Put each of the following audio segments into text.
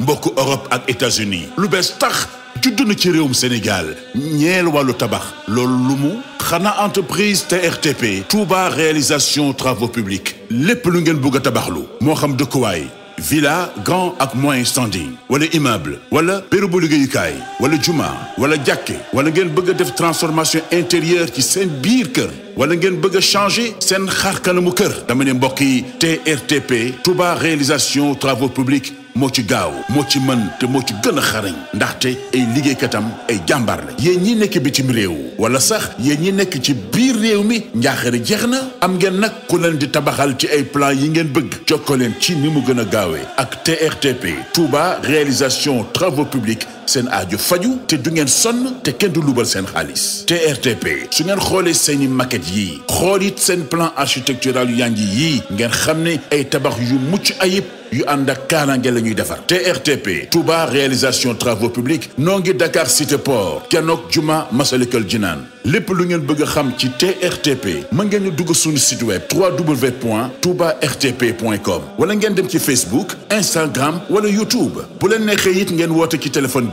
mbokk Europe ak états lu bees tax juddu na ci réewum Sénégal ñeel wàllu tabax loolu lu mu xanaa entreprise TRTP Touba réalisation travaux publics lépp lu ngeen bëgg a lu moo xam dëkkuwaay villa grand ak moyen standing wala immeuble wala bérébu liggéeyukaay wala juma wala jàkke wala ngeen bëgg a def transformation intérieure ci seen biir kër wala ngeen bëgg a changer seen xar kanamu kër dama ne mbokk yi TRTP Touba réalisation travaux publics moo ci gaaw moo ci mën te moo ci gën a xarañ ndaxte ay liggéeykatam ay jàmbaar la yéen ñi nekk bitim réew wala sax yéen ñi nekk ci biir réew mi njaaxare jeex na am ngeen nag ku leen di tabaxal ci ay plan yi ngeen bëgg jokkoo leen ci ni mu gën a gaawee ak TRTP Touba réalisation travaux publics seen aaju faju te du ngeen sonn te kenn du lubal seen xaalis TRTP su ngeen xoolee seeni makket yii xool it seen plan architectural yu yànji yii ngeen xam ne ay tabax yu mucc ayib yu ànd ak kaaraange la ñuy defar TRTP Touba réalisation travaux publics noo ngi Dakar cité port kenook juma Masalikul Jinaan lépp lu ngeen bëgg a xam ci TRTP mën ngeen ñu dugg suñu site web www.toubartp.com wala ngeen dem ci Facebook Instagram wala YouTube bu leen neexee it ngeen woote téléphone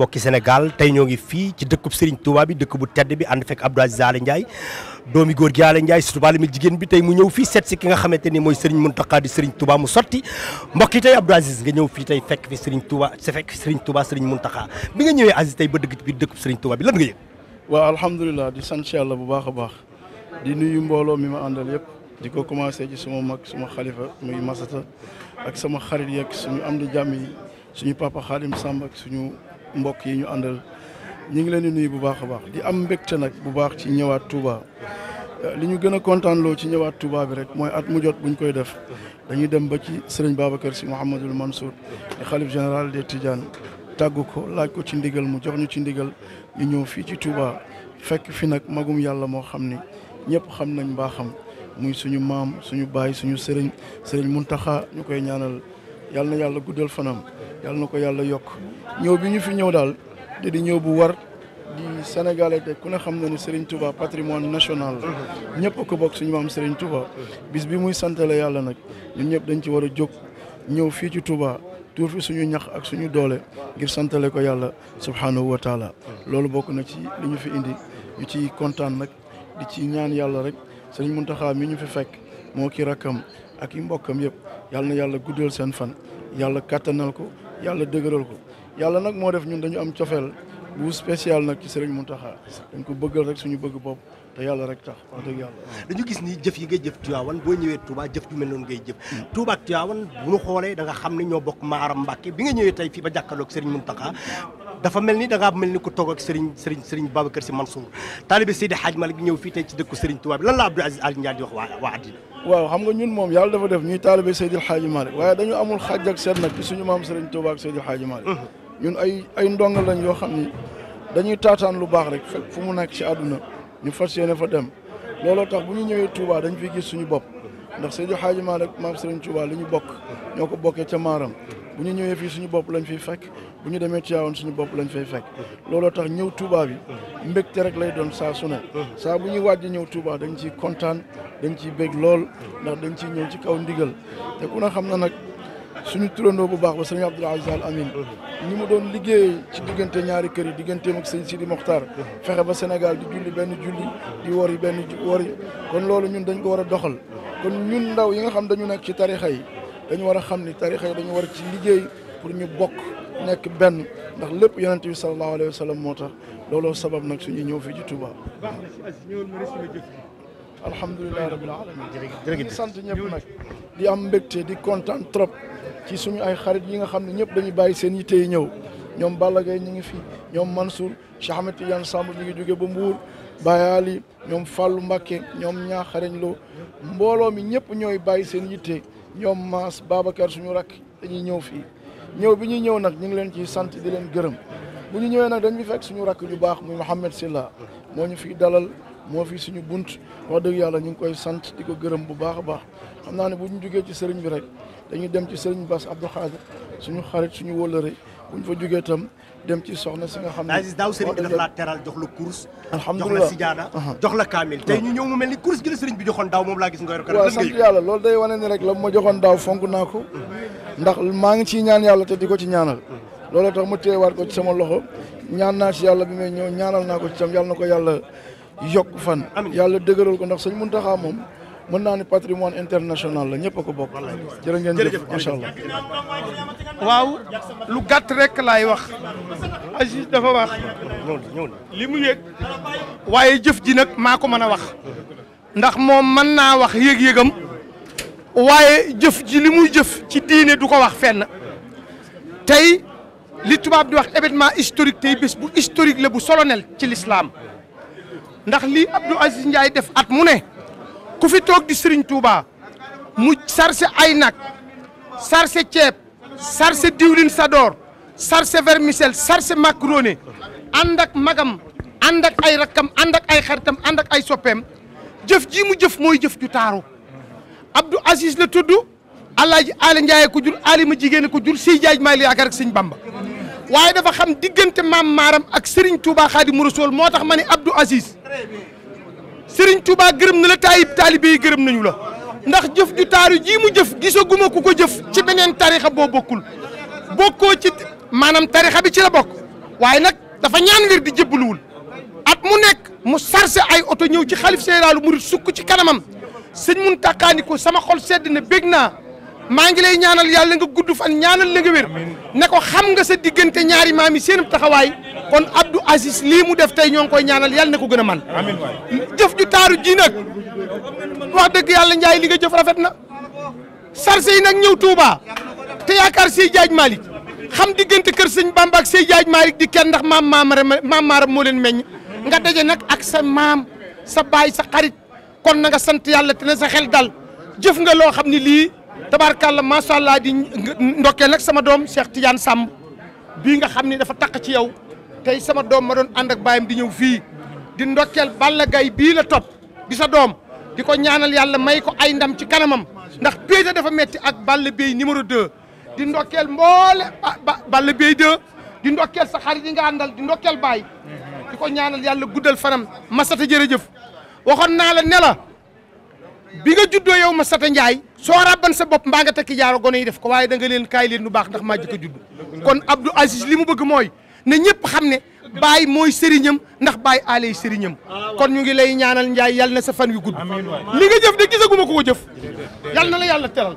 mbokki Sénégal tey ñoo ngi fii ci dëkkub Serigne Touba bi dëkk bu tedd bi ànd fekk Abdou Aziz Aly Ndiaye doomi góor gi Aly Ndiaye jigéen bi tey mu ñëw fii seet si ki nga xamante ni mooy Serigne Mountakha di Serigne Touba mu sotti mbokki tey Abdou Aziz nga ñëw fii tey fekk fi Serigne Touba sa fekk fi Serigne nga ñëwee Aziz tey ba dëgg ci biir dëkkub Serigne Touba bi lan nga yëg waaw alhamdulilah di sant yàlla bu baax a baax di nuyu mbooloo mi ma àndal yëpp di ko commencé ci suma mag suma xalifa muy masata ak sama xarit yeeg suñu am di jàmm yi suñu papa xaalim Samb ak mbokk yi ñu àndal ñu ngi leen di nuyu bu baax a baax di am mbégte nag bubaax baax ci ñëwaat Touba euh, li ñu gën a kontaan loo ci ñëwaat Touba bi rek mooy at mu jot buñ koy def dañuy dem ba ci sëriñ kër si Mouhamadul Mansour di xalif général des Tidianes tàggu ko laaj ko ci ndigal mu jox ñu ci ndigal ñu ñëw fii ci Touba fekk fi nag magum yàlla moo xam ni ñëpp xam nañ mbaaxam muy suñu maam suñu baay suñu sëriñ mun Muntaxa ñu koy ñaanal. yàlla na yàlla guddal fanam yal na ko yàlla yokk ñëw bi ñu fi ñëw daal te di ñëw bu war di sénégalais ku ne xam na ne Serigne Touba patrimoine national ñëpp ko bokk suñu maam Serigne Touba bis bi muy santale yàlla nag ñun ñëpp dañ ci war a jóg ñëw fii ci Touba tuur fi suñu ñax ak suñu doole ngir santale ko yàlla subhanahu wa loolu bokk na ci li ñu fi indi ñu ci kontaan nag di ci ñaan yàlla rek Serigne Mountakha mi ñu fi fekk moo ki rakkam ak i mbokkam yëpp yàlla na yàlla guddal seen fan yàlla kattanal ko yàlla dëgëral ko yàlla nag moo def ñun dañu am cofeel bu spécial nag ci mun taxaa dañ ko bëggal rek suñu bëgg bopp te yàlla rek tax wax dëgg yàlla. dañu gis nii jëf yi ngay jëf Tivaouane boo ñëwee Touba jëf ju mel noonu ngay jëf. Touba ak Tivaouane bu ñu xoolee da nga xam ne ñoo bokk maaram Mbàkke bi nga ñëwee tey fii ba jàkkaarloog Serigne Mountakha dafa mel ni da mel ni ku toog ak Serigne Serigne Serigne Babacar Sy Mansour taalibe Seydi Hadj Malick ñëw fii te ci dëkku Serigne Touba bi lan la Abdou Aziz Al Ndiaye di wax waa waa àddina waaw xam nga ñun moom yàlla dafa def ñuy taalibe Seydi Hadj Malick waaye dañu amul xaj ak seen nag ci suñu maam Serigne Touba ak Seydi Hadj Malick mhm. ñun ay ay ndonga lañ yoo xam ni dañuy taataan lu baax rek fu mu nekk ci àdduna ñu fas yéene fa dem looloo tax bu ñu ñëwee Touba dañ fi gis suñu bopp ndax Seydi Hadj Malick maam Serigne Touba li ñu bokk ñoo ko bokkee ca maaram bu ñu ñëwee fii suñu bopp lañ fiy fekk bu ñu demee Tivaouane suñu bopp lañ fay fekk looloo tax ñëw Touba bi mbégte rek lay doon saa su ne saa bu ñuy wàjji ñëw Touba dañ ci kontaan dañ ciy bég lool ndax dañ ciy ñëw ci kaw ndigal te ku na xam na nag suñu turandoo bu baax ba sëñ Abdoul Aziz Al Amin ni mu doon liggéey ci diggante ñaari kër yi digganteem ak sëñ Sidi Mokhtar fexe ba Sénégal di julli benn julli di wori benn wori kon loolu ñun dañ ko war a doxal kon ñun ndaw yi nga xam dañu nekk ci tarixa yi dañu war a xam ni tarixa yi dañu war a ci liggéey pour ñu bokk nekk benn ndax lépp yonent bi sallallahu alayhi wa sallam moo tax looloo sabab nag suñu ñëw fii ci si as ñëwal ma rëcc ma jëf. alhamdulilah rabbil alamin jërëjëf nag di am mbégte di kontaan trop ci suñu ay xarit yi nga xam ne ñëpp dañuy bàyyi seen yitte yi ñëw ñoom Balla ñu ngi fi ñoom Mansour Cheikh Ahmed yan Samb ñu ngi jóge ba Mbour Bayali ñoom Fallou Mbacké ñoom Ñaaxareñ Lo mbooloo mi ñëpp ñooy bàyyi seen yitte. ñoom Maas Babacar suñu rakk dañuy ñëw fii ñëw bi ñuy ñëw nag ñu ngi leen ciy sant di leen gërëm bu ñu ñëwee nag dañ bi fekk suñu rakk ju baax muy Mouhamed Silla moo ñu fiy dalal moo fi suñu bunt wax dëgg yàlla ñu ngi koy sant di ko gërëm bu baax a baax xam naa ne bu ñu jógee ci sëriñ bi rek dañuy dem ci sëriñ Bass Abdou Khadir suñu xarit suñu wóllëre buñ fa jógee itam dem ci soxna si nga xam ne. Aziz daaw sëriñ bi dafa laa teral jox la course. la sijaada jox la kaamil tey ñu ñëw mu mel ni course gi la bi joxoon daaw moom laa gis nga yor ko. waaw sant yàlla loolu day wane ni rek la ma joxoon daaw fonk naa ko. ndax maa ngi ciy ñaan yàlla te di ko ci ñaanal. loolu tax ma téyewaat ko ci sama loxo ñaan naa ci yàlla bi may ñëw ñaanal naa ko ci tam yàlla na ko yàlla yokk fan. yàlla dëgëral ko ndax sëñ Muntaxa moom mën naa ne patrimoine international la ñëpp ko bokk. jërë ngeen jëf macha allah. waaw lu gàtt rekk laay wax. Aziz dafa wax. li mu yéeg waaye jëf ji nag maa ko mën a wax. ndax moom mën naa wax yéeg yéegam waaye jëf ji li muy jëf ci diine du ko wax fenn. tey li tubaab di wax événement historique tey bés bu historique la bu solonel ci lislaam ndax li Abdou Aziz Ndiaye def at mu ne. ku fi toog di Serigne Touba mu sarse ay nag sarse ceeb sarse diwlin sadoor sarse vermicelle sarse macaroni ànd ak magam ànd ak ay rakkam ànd ak ay xaritam ànd ak ay soppeem jëf ji mu jëf mooy jëf ju taaru Abdou Aziz la tudd Alaaji Ali Ndiaye ko jur alima jigéen ko jur siy jaaj maa ngi yaakaar ak Bamba waaye dafa xam diggante maam maaram ak Serigne Touba Xaadimu Rasuul moo tax ma ne Abdou Aziz Serigne Touba gërëm na la taayib taalibe yi gërëm nañu la ndax jëf ju taaru jii mu jëf gisaguma ku ko jëf ci beneen tarixa boo bokkul bokkoo ci maanaam tarixa bi ci la bokk waaye nag dafa ñaan wir di jébbaluwul at mu nekk mu chargé ay oto ñëw ci xalif généralu murit sukk ci kanamam sëñ mun tàqaani ko sama xol sedd na bég naa maa ngi lay ñaanal yàlla nga gudd fan ñaanal la nga wér ne ko xam nga sa diggante ñaari maami yi seen taxawaay kon Abdou Aziz lii mu def tey ñoo ngi koy ñaanal yàlla na ko gën a man jëf ju taaru ji nag wax dëgg yàlla Ndiaye li nga jëf rafet na sarse yi nag ñëw Touba te yaakaar Sey Jaaj Malick xam diggante kër sëñ bambak ak Sey Jaaj Malick di kenn ndax maam maamara maam maaram moo leen meññ nga daje nag ak sa maam sa baay sa xarit kon na sant yàlla te na sa xel dal jëf nga loo xam ni lii tabaarkàlla macha allah di ndokkee nag sama doom Cheikh Tidiane Samb bii nga xam ni dafa taq ci yow tey sama doom ma doon ànd ak baayam di ñëw fii di ndokkeel Balla Gaye bii la topp di sa doom di ko ñaanal yàlla may ko ay ndam ci kanamam ndax péete dafa metti ak Balla Gaye numéro 2 di ndokkeel mboole Balla Gaye 2 di ndokkeel sa xarit yi nga àndal di ndokkeel baay di ko ñaanal yàlla guddal fanam Masata jërëjëf waxoon naa la nela la bi nga juddoo yow Masata njaay soo rabban sa bopp mbaa nga tekki jaaro gone yi def ko waaye da nga leen kaay leen lu baax ndax maa jëkk a kon Abdou Aziz li mu bëgg mooy na ñëpp xam ne baay mooy sëriñam ndax baay aaley sëriñam ah, kon ñu ngi lay ñaanal njaay yal na sa fan wi gudd li nga jëf de gisaguma ko ko jëf yal na la yàlla teral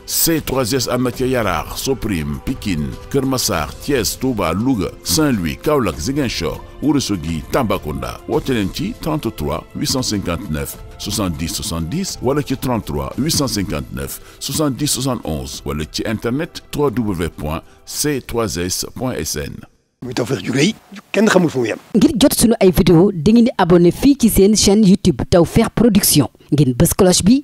C3S am na ca Yaraax Kër Massar Thiès Touba Louga Saint-Louis Kaolack Ziguinchor Ourossogui Tambacounda woote leen ci 33 859 70 70 wala ci 33 859 70 71 wala ci internet www.c3s.sn. muy Tawfekh ju rëy kenn xamul fu mu yem. ngir jot sunu ay vidéo dangeen di abonné fii ci seen chaîne YouTube Tawfekh Production ngeen bës cloche bi.